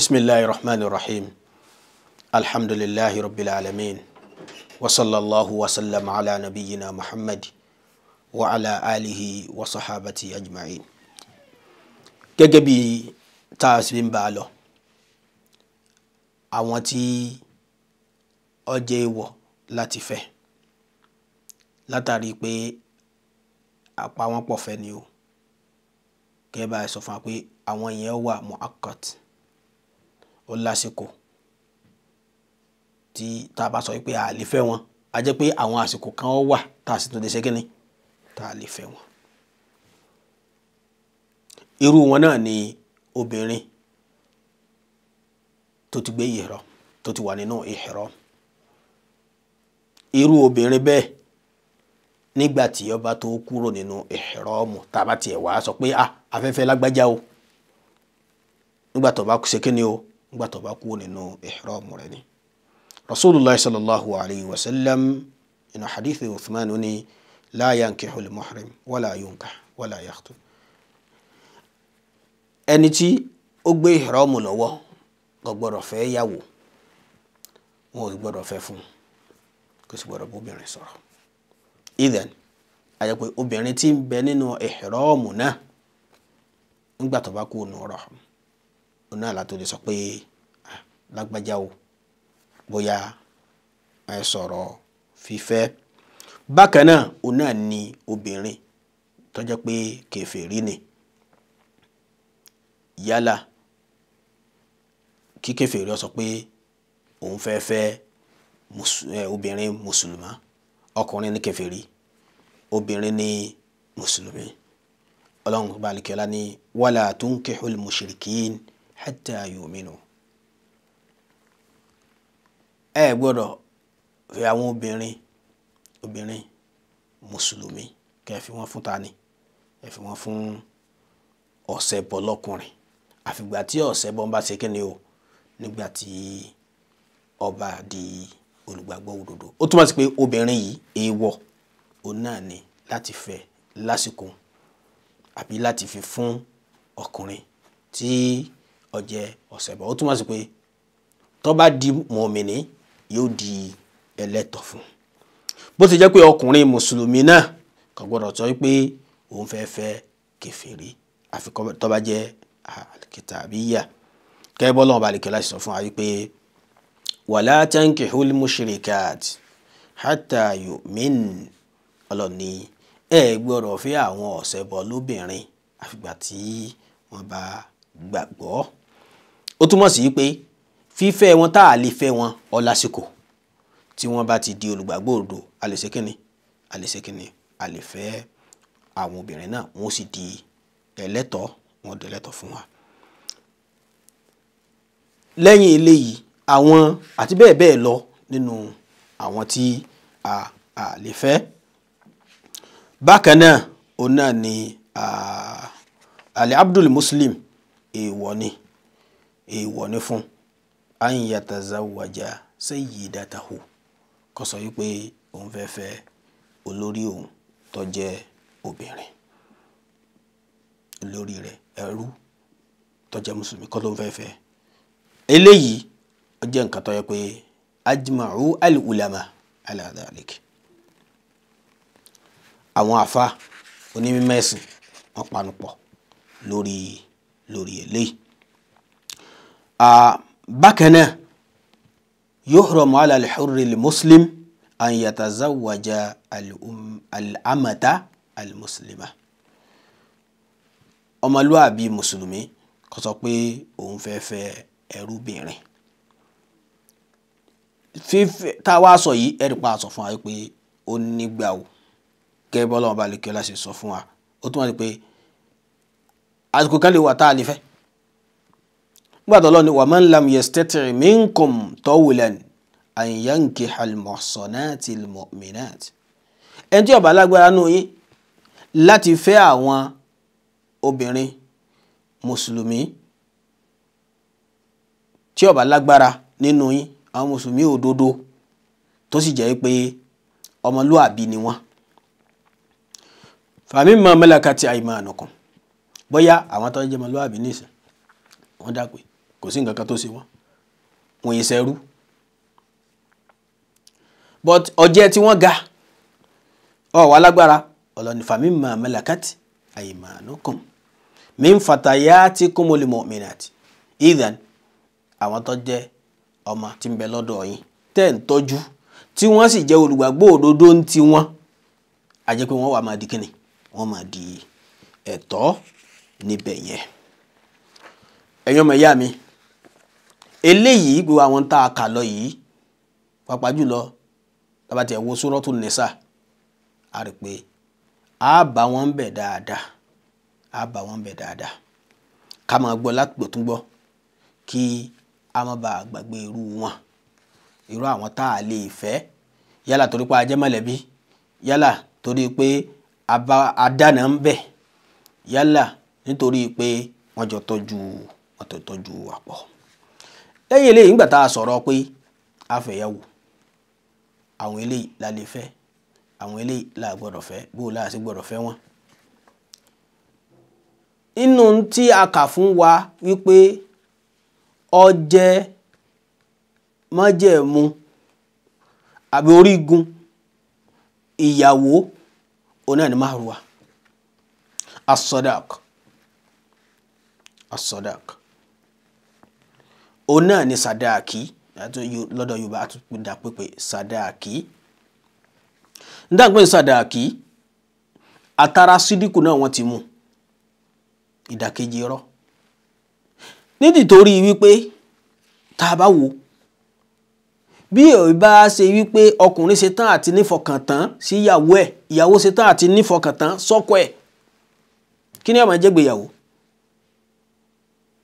بسم الله الرحمن الرحيم الحمد لله رب العالمين وصلى الله وسلم على نبينا محمد وعلى آله وصحابته أجمعين gẹ́gẹ́ bí tá a sì ń bá a lọ àwọn tí ọjọ́ ìwọ̀ láti fẹ́ látàrí pé àpá wọn pọ̀ fẹ́ ni o kẹ́ bá sọ fún wa pé àwọn yẹn wà mu'aqqat ó lásìkò tí tá a bá sọ pé a lè fẹ́ wọn a jẹ́ pé àwọn àsìkò kan wà tá a sì tún lè ṣe kíni tá a lè fẹ́ wọn. irú wọn náà ni obìnrin tó ti gbé ihram tó ti wà nínú ihram irú obìnrin bẹ́ẹ̀ nígbà tí ó bá tó kúrò nínú ihram tá a bá tiẹ̀ wá sọ pé a ah, afẹ́fẹ́ lágbájá o nígbà tó bá ṣe kíni o nígbà tó bá kúrò nínú ihram rẹ̀ ni. rasulillah sallallahu alayhi wa sallam inú hadith uthman ni la yankihu al-muhrim wala yunkah wala yakhtub. ẹni tí ó gbé ihram lọ́wọ́ kò gbọ́dọ̀ fẹ́ yàwó wọn ò gbọ́dọ̀ fẹ́ fún un kò sì gbọ́dọ̀ bóbìnrin sọ̀rọ̀ idan àyẹ̀pẹ̀ obìnrin tí ń bẹ nínú ihram náà nígbà tó bá kú nù rọ̀ òun náà látò lè sọ pé lágbájá o bóyá ẹ sọ̀rọ̀ fífẹ́ bákan náà òun náà ni obìnrin tó jẹ́ pé kèfèrí ni yálà kí kèfèrí ó sọ pé òun fẹ́ fẹ́ obìnrin mùsùlùmá ọkùnrin ní kèfèrí obìnrin ní mùsùlùmí ọlọ́run bá lè kí ọlá ní wàlà tunkihul mushrikin hatta yu'minu ẹ gbọ́dọ̀ fẹ́ àwọn obìnrin obìnrin mùsùlùmí kẹ́ fi wọ́n fún tani ẹ fi wọ́n fún ọ̀sẹ̀ bọ̀ lọ́kùnrin àfìgbà tí ọ̀sẹ̀ bọ̀ ń bá ṣe kíni o nígbà tí ọba di olùgbàgbọ́ òdodo ó túmọ̀ sí pé obìnrin yìí èèwọ̀ òun náà ni láti fẹ́ lásìkò àbí láti fi fún ọkùnrin tí. Tí ó jẹ́ ọ̀sẹ̀bọ̀ ó túmọ̀ sí pé tó bá di mọ̀mìnì yóò di ẹlẹ́tọ̀ fún bó ti jẹ́ pé ọkùnrin mùsùlùmí náà kò gbọ́dọ̀ sọ pé òun fẹ́ fẹ́ kèfèrí àfi tó bá jẹ́ àkìtàbíyà kẹ́ẹ́ bọ́lá ọba àlìkẹ́ láti sọ fún wa wípé wàlá tankihul mushrikat hatta yu'min ọlọ́ni ẹ gbọ́dọ̀ fẹ́ àwọn ọ̀sẹ̀bọ̀ lóbìnrin àfìgbà tí wọ́n bá gbàgbọ́ ó túmọ̀ sí pé fífẹ́ wọn tá a lè fẹ́ wọn ọlásìkò tí wọ́n bá ti di olùgbàgbọ́ òdo àlèṣekínni àlèṣekínni àlèfẹ́ àwọn obìnrin náà wọ́n sì di ẹlẹ́tọ̀ọ́ wọ́n di ẹlẹ́tọ̀ọ́ fún wa. lẹ́yìn eléyìí àwọn àti bẹ́ẹ̀ bẹ́ẹ̀ lọ nínú àwọn tí a a lè fẹ́. bákan náà òun náà ni àlè abdul muslim èèwọ̀ ni èèwọ̀ ni fún an yatazawwaja sayyidatahu kó sọ wípé òun fẹ́ fẹ́ olórí òun tó jẹ́ obìnrin olórí rẹ̀ ẹrú tó jẹ́ mùsùlùmí kó ló ń fẹ́ fẹ́ eléyìí ó jẹ́ nǹkan tó yẹ pé ajma'u al-ulama àwọn àfa onímọ̀ ẹ̀sìn wọ́n panu lórí lórí eléyìí bákan náà yuhramu ala al-hurri al-muslim an yatazawwaja al-amata al-muslima ọmọlúwàbí mùsùlùmí kò sọ pé òun fẹ́ fẹ́ ẹrúbìnrin fífẹ́ tá a wá sọ yìí ẹ̀rí pa àsọ fún wa pé ó nígbà o gẹ́gẹ́ bọ́lá wọn lè kí ọ láti sọ fún wa ó tún wá di pé àsìkò kan lè wà tá a lè fẹ́ gbàdọ̀ lọ ni wa man lam yastati' minkum tawlan an yankiha al-muhsanati al-mu'minat ẹni tí ó bá lágbára nù yín láti fẹ́ àwọn obìnrin mùsùlùmí tí ó bá lágbára nínú yín àwọn mùsùlùmí òdodo tó sì jẹ́ pé ọmọlúàbí ni wọ́n famimma malakati aymanukum bóyá àwọn tó ń jẹ́ ọmọlúàbí nìsín wọ́n dá pé kò sí nǹkan kan tó ṣe wọ́n wọ́n yìí ṣẹrú but ọjẹ́ tí wọ́n ga ọ̀ wà lágbára ọlọ́nìfàmí mà mẹ́làkàtì àyèmánukùn mi ń fàtàyà tí kúmọ̀lì mọ̀mìnàtì ìdàn àwọn tó jẹ́ ọmọ tí ń bẹ lọ́dọ̀ yín tẹ́ ń tọ́jú tí wọ́n sì jẹ́ olùgbàgbọ́ òdodo ń ti wọn a pé wọ́n wà máa di kíni wọ́n máa di ẹ̀tọ́ níbẹ̀ yẹn ẹ̀yin ọmọ mi eléyìí gbogbo àwọn tá a kà lọ yìí pàápàá jùlọ tábàtì ẹ̀wọ̀ Suratul Nisa a rí pé a bá wọn bẹ̀ dáadáa a bá wọn bẹ̀ dáadáa ká máa gbọ́ látìgbò tún gbọ́ kí a má bàa gbàgbé irú wọn irú àwọn tá a lè fẹ́ yálà torí pé a jẹ́ mọ̀lẹ́bí yálà torí pé a dáná ń bẹ̀ yálà nítorí pé wọ́n jọ tọ́jú wọ́n tó tọ́jú lẹ́yìn eléyìí ńgbà tá a sọ̀rọ̀ pé a fẹ̀yàwó àwọn eléyìí la lè fẹ́ àwọn la gbọ́dọ̀ fẹ́ bó o láàṣẹ gbọ́dọ̀ fẹ́ wọn. inú tí a kà fún wa wípé ó jẹ́ àbí orígun ìyàwó òun náà ni òun náà ni sadaaki, lọ́dọ̀ yorùbá a tún dà pépè sàdáàkì ndàgbẹ́ sadaaki, àtàrà sídìkù náà wọ́n ti mú ìdàkejì irọ́ nítorí wípé tá a bá wò bí òun bá ṣe wípé ọkùnrin ṣe tán àti nífọkàntán sí ìyàwó ẹ̀ ìyàwó ṣe tán àti nífọkàntán sọ́kọ ẹ̀ kí ni ó máa jẹ́ gbéyàwó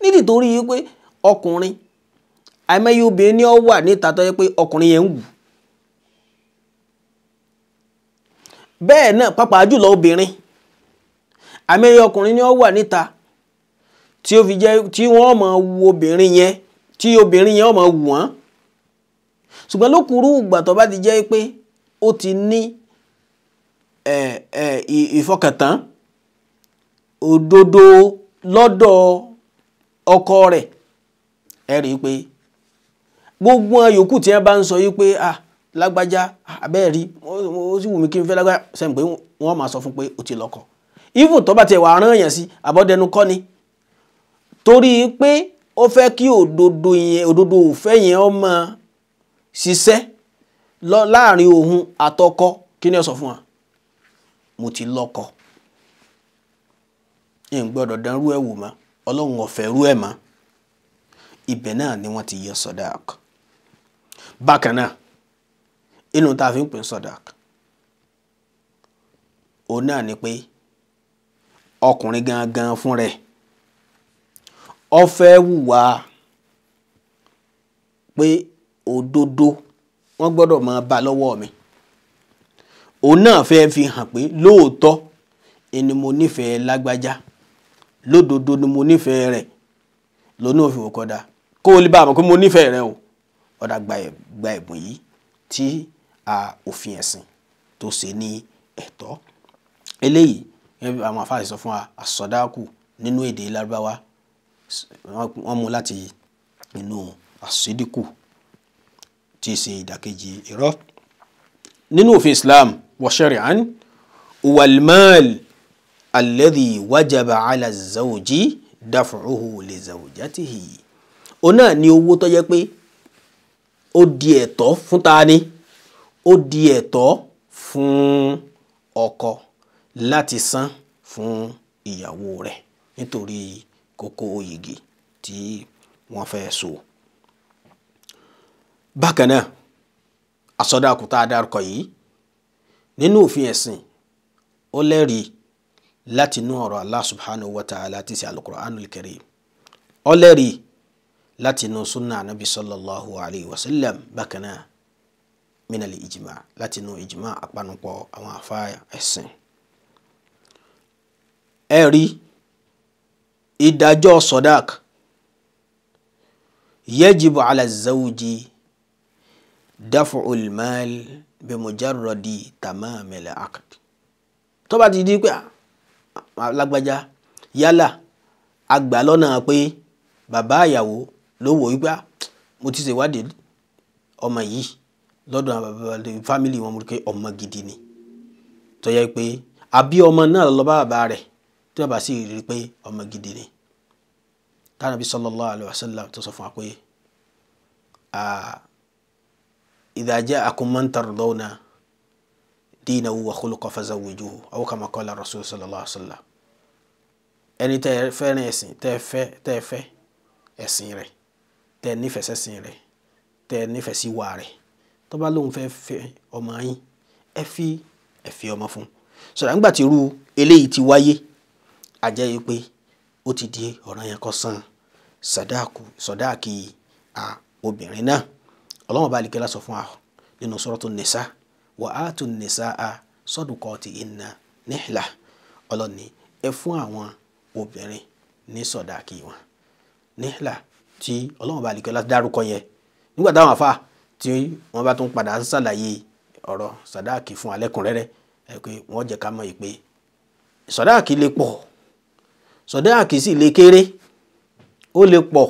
nítorí wípé ọkùnrin àìmọye obìnrin ni ó wà níta tó yẹ pé ọkùnrin yẹn ń wù bẹ́ẹ̀ náà pàápàá jùlọ obìnrin àìmọye ọkùnrin ni ó wà níta tí ó fi jẹ́ tí wọ́n máa wu obìnrin yẹn tí obìnrin yẹn ó máa wù wọ́n ṣùgbọ́n lókùrú ìgbà bá ti jẹ́ pé ó ti ní ìfọkàntán òdodo lọ́dọ̀ ọkọ rẹ̀ ẹ pé gbogbo wọn yòókù tí wọn bá ń sọ yìí pé ah lágbájá ah, abẹ́ẹ̀ rí ó sì wù mí kí n fẹ́ lágbájá sẹ́yìn pé wọ́n máa sọ fún pé o ti lọ́kọ ifu tó bá tiẹ̀ wà rán yẹn sí abọ́dẹnu kọ́ ni torí pé ó fẹ́ kí òdodo yẹn òdodo òfẹ́ yẹn ó máa ṣiṣẹ́ láàrin òun àtọkọ kí ni ó sọ fún wa mo ti lọ́kọ n gbọ́dọ̀ dán rú ẹ̀ wò mọ́ ọlọ́run ọ̀fẹ́ rú ẹ̀ mọ́ ibẹ̀ náà ni wọ́n ti yọ sọ́dáàkù. bákan náà inú ta fi ń pè sọdàk òun náà ni pé ọkùnrin gangan fún rẹ̀ ó fẹ́ hùwà pé òdodo wọ́n gbọ́dọ̀ máa bá lọ́wọ́ mi òun náà fẹ́ fi hàn pé lóòótọ́ ni mo nífẹ̀ẹ́ lágbájá lódodo ni mo nífẹ̀ẹ́ rẹ̀ lónà òfin òkọ̀dá kó o lè bá àmọ́ pé mo nífẹ̀ẹ́ rẹ o ọ̀dà gba ẹ̀bùn yìí tí òfin ẹ̀sìn tó ṣe ní ẹ̀tọ́ eléyìí àwọn àfáà sọ fún wa àsọdáàkù nínú èdè lárúbáwá wọ́n mú láti inú àsídìkù tí í ṣe ìdàkejì irọ́ nínú òfin Islam wọ́ṣẹ̀rì àn wàlmáàl alladhi wájàbà ala zawji daf'uhu li zawjatihi òun náà ni owó tó pé ó di ẹ̀tọ́ fún ta ni ó di ẹ̀tọ́ fún ọkọ láti san fún ìyàwó rẹ̀ nítorí kókó oyègì tí wọ́n fẹ́ so. bákan náà àsọdáàkú tá a dárúkọ yìí nínú òfin ẹ̀sìn ó lẹ́rìí látinú ọ̀rọ̀ Allah subhanahu wa ta'ala ti ṣe alukur'anul karim ó lẹ́rìí láti inú sunna anabi sallallahu alayhi wa sallam bákan náà minali ijima láti inú ijima àpanupọ̀ àwọn afa ẹ̀sìn. ẹ rí ìdájọ́ sodak yajibu ala zawji dafu ulmal bi mujarradi tamamil aqd tó bá ti di pé ah, lágbájá yálà agbà lọ́nà pé bàbá ìyàwó ló wò wípé ah, mo ti ṣèwádìí ọmọ yìí lọ́dọ̀ fámìlì wọn mo rí pé ọmọ gidi ni tó yẹ pé àbí ọmọ náà lọ bá bàbá rẹ̀ tí bàbá sì rí pé ọmọ gidi ni tánàbí sallallahu alaihi wasallam tó sọ fún wa pé idha ja'akum man tardawna dinahu wa khuluquhu fazawwijuhu aw kama qala rasul sallallahu alaihi wasallam ẹni tẹ́ fẹ́ràn ẹ̀sìn tẹ́ fẹ́ tẹ́ fẹ́ ẹ̀sìn rẹ̀ tẹ́ nífẹ̀ẹ́ sẹ́sìn rẹ̀ tẹ́ nífẹ̀ẹ́ sí wa rẹ̀ tó bá lóun fẹ́ fẹ́ ọmọ yín ẹ fi ẹ fi ọmọ fún un sọ̀rọ̀ nígbà tí irú eléyìí ti wáyé àjẹ́ yìí pé ó ti di ọ̀ràn yẹn kó san sàdáàkù sàdáàkì a obìnrin náà ọlọ́wọ́n bá lè kẹ́lá sọ fún wa nínú Suratun Nisa wa atun nisaa sadukatihinna nihla ọlọ́ni ẹ fún àwọn obìnrin ní sàdáàkì wọn nihla tí ọlọ́run bá àlìkẹ́ láti dárúkọ yẹn nígbà táwọn àfa tí wọ́n bá tún padà ń ṣàlàyé ọ̀rọ̀ sàdáàkì fún alẹ́kùnrẹ́rẹ́ ẹ pé wọ́n jẹ́ ká mọ̀ yìí pé sàdáàkì lè pọ̀ sàdáàkì sì lè kéré ó lè pọ̀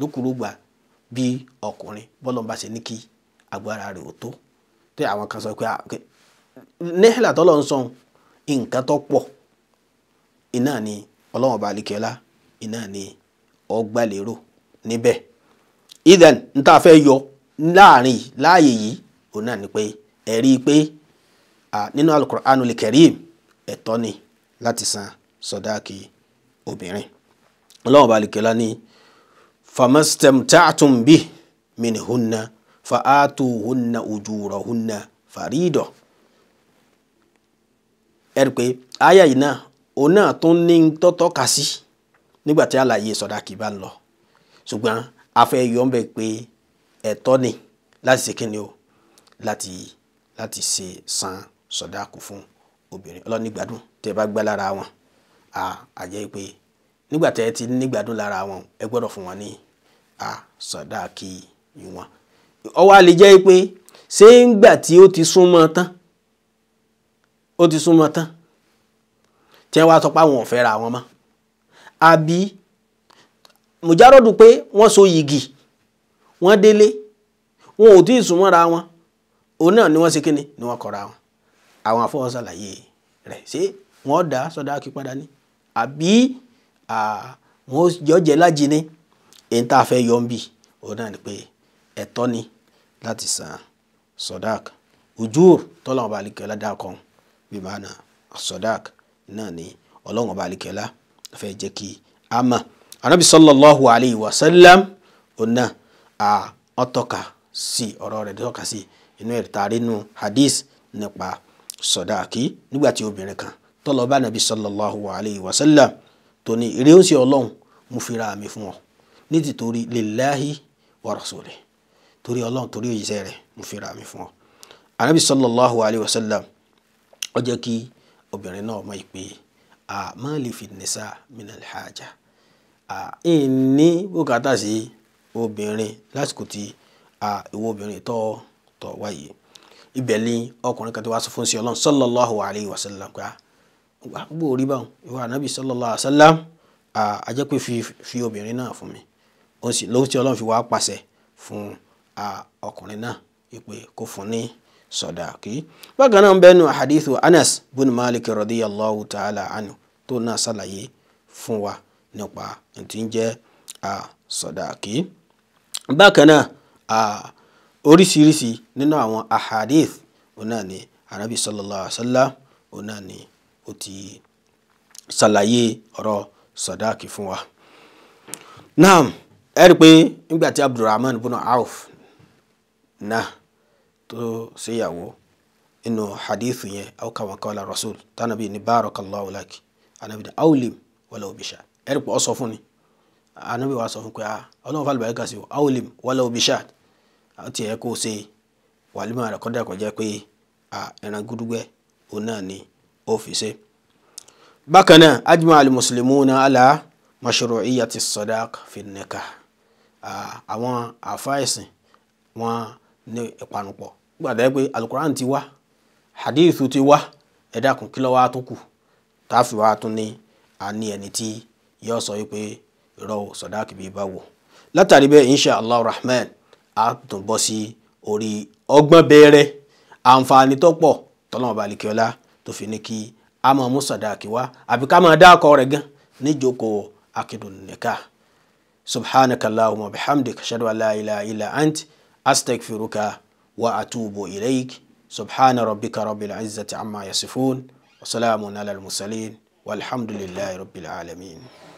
lókùrúgbà bí ọkùnrin bọ́lọ̀ bá ṣe ní kí agbára rẹ̀ ó tó tí àwọn kan sọ pé nẹ́hìlà tọ́lọ̀ ń sọ̀n nǹkan tó pọ̀ iná ni ọlọ́run ọba àlìkẹ́lá iná ni ọgbà níbẹ̀ idan n ta fẹ́ yọ láàrin láàyè yìí òun náà ni pé ẹ̀rí pé nínú alukur'anul karim ẹ̀tọ́ ni láti san sọdáàkì obìnrin ọlọ́run bá alìkẹ́lá ní famastamta'tum bi min hunna fa'atu hunna ujura hunna farido ẹ̀rí pé aya yìí náà òun náà tún ní tọ́tọ́ kà nígbà tí àlàyé sọdáàkì bá ń lọ ṣùgbọ́n a fẹ́ yọ ọ́nbẹ̀ pé ẹ̀tọ́ ni láti ṣe kíni o láti láti ṣe san sọ̀dáàkù fún obìnrin ọlọ́ni gbádùn tẹ́ bá gbá lára wọn a àjẹ́ pé nígbà tẹ́ ẹ ti nígbàdùn lára wọn ẹ gbọ́dọ̀ fún wọn ní a sọ̀dáàkì wọn ọwọ́ a lè jẹ́ pé ṣé ń gbà tí ó ti súnmọ́ tán ó ti súnmọ́ tán tí wọ́n wá sọ pé àwọn ò fẹ́ ra wọn mọ́ àbí mùjárọ̀dù pé wọ́n so yìgì wọ́n délé wọn ò tí ì súnmọ́ra wọn òun náà ni wọ́n ṣe kíni ni wọ́n kọ̀ra wọn àwọn afọwọ́sàlàyé rẹ̀ ṣé wọ́n dá sọ́dáàkì padà ní àbí wọ́n yọjẹ́ lájì ní èyí tá a fẹ́ yọ ń bì òun náà ni pé ẹ̀tọ́ ni láti san sọ́dáàk ujúr tọ́lá ọba dá kan bí màá na sọ́dáàk náà ni ọlọ́run ọba àlìkẹ́lá fẹ́ jẹ́ kí a mọ̀ anabi sallallahu alayhi wa sallam ọ̀nà ọ̀tọ̀ka sí ọ̀rọ̀ rẹ̀ tọ́ka sí inú ẹ̀ tààrí nu hadith nípa sọ̀dáàkì nígbà tí obìnrin kan tó lọ bá anabi sallallahu alayhi wa sallam tó ní eré ó sì ọlọ́run mo fi ra mi fún ọ ní ti torí lillahi wa rasulih torí ọlọ́run torí òyìṣẹ́ rẹ̀ mo fi ra mi fún ọ anabi sallallahu alayhi wa sallam ó kí obìnrin náà mọ̀ ìpè a ma li fi nisa min alhaja ẹ̀ ní bùkátà sí obìnrin lásìkò tí ìwọ obìnrin tọ́ tọ́ wáyé ibẹ̀ ni ọkùnrin kan tó wá sọ fún sí ọlọ́run sallallahu alayhi wa sallam pé wàá gbọ́ orí báwọn ìwà ànábì sallallahu alayhi wa sallam ajẹ́ pé fi obìnrin náà fún mi lóhùn tí ọlọ́run fi wá pàṣẹ fún ọkùnrin náà ìpè kó fún ní sọdáàkì. bákan náà ń bẹ́nu hadithu anas bin malik radiyallahu ta'ala anhu tó náà ṣàlàyé fún wa nípa tí ń jẹ́ sọ̀dàkì. bákan náà oríṣiríṣi nínú àwọn ahadith òun náà ni anabi sallallahu alaihi wa sallam òun náà ni ó ti ṣàlàyé ọ̀rọ̀ sọ̀dàkì fún wa. naam ẹ rí i pé nígbà tí abdulrahman ibn auf náà tó ṣèyàwó inú hadith yẹn aw kama qala rasul tánàbí ní barakallahu laki anabi ní awlim wala obìṣà ẹ̀rí pọ̀ sọ fún ni anabi wa sọ fún pé ah, ọlọ́run fàlùbà ẹ̀ka sí o awolim wàlẹ̀ obi shad àti ẹ̀ kó o ṣe wàlímọ̀ rẹ̀ kọ́dà kọjá pé ẹran gúdúgbẹ́ òun náà ni ó fi ṣe. bákan náà ajma al-muslimuna ala mashru'iyyati sadaq fi nikah àwọn àfa wọn ní ìpanupọ̀ gbàdá pé alukuran ti wá hadithu ti wá ẹ̀dá kùn kí ló wá tó kù táàfin wa tún ní àní ẹni tí yóò sọ wípé irọ́ sọ̀dáàkì bíi báwo látàrí bẹ́ẹ̀ insha allah rahman a tún bọ́ sí orí ọgbọ́n bẹ̀rẹ̀ àǹfààní tó pọ̀ tọ́lọ́mọ balikiola tó fi ní kí a máa mú sọ̀dáàkì wá àbí ká máa dáàkọ rẹ̀ gan níjókòó akidun nikah subhanaka allahumma bihamdika ashhadu an la ilaha illa ant astaghfiruka wa atubu ilayk subhana rabbika rabbil izzati amma yasifun wa salamun ala al-mursalin والحمد لله رب العالمين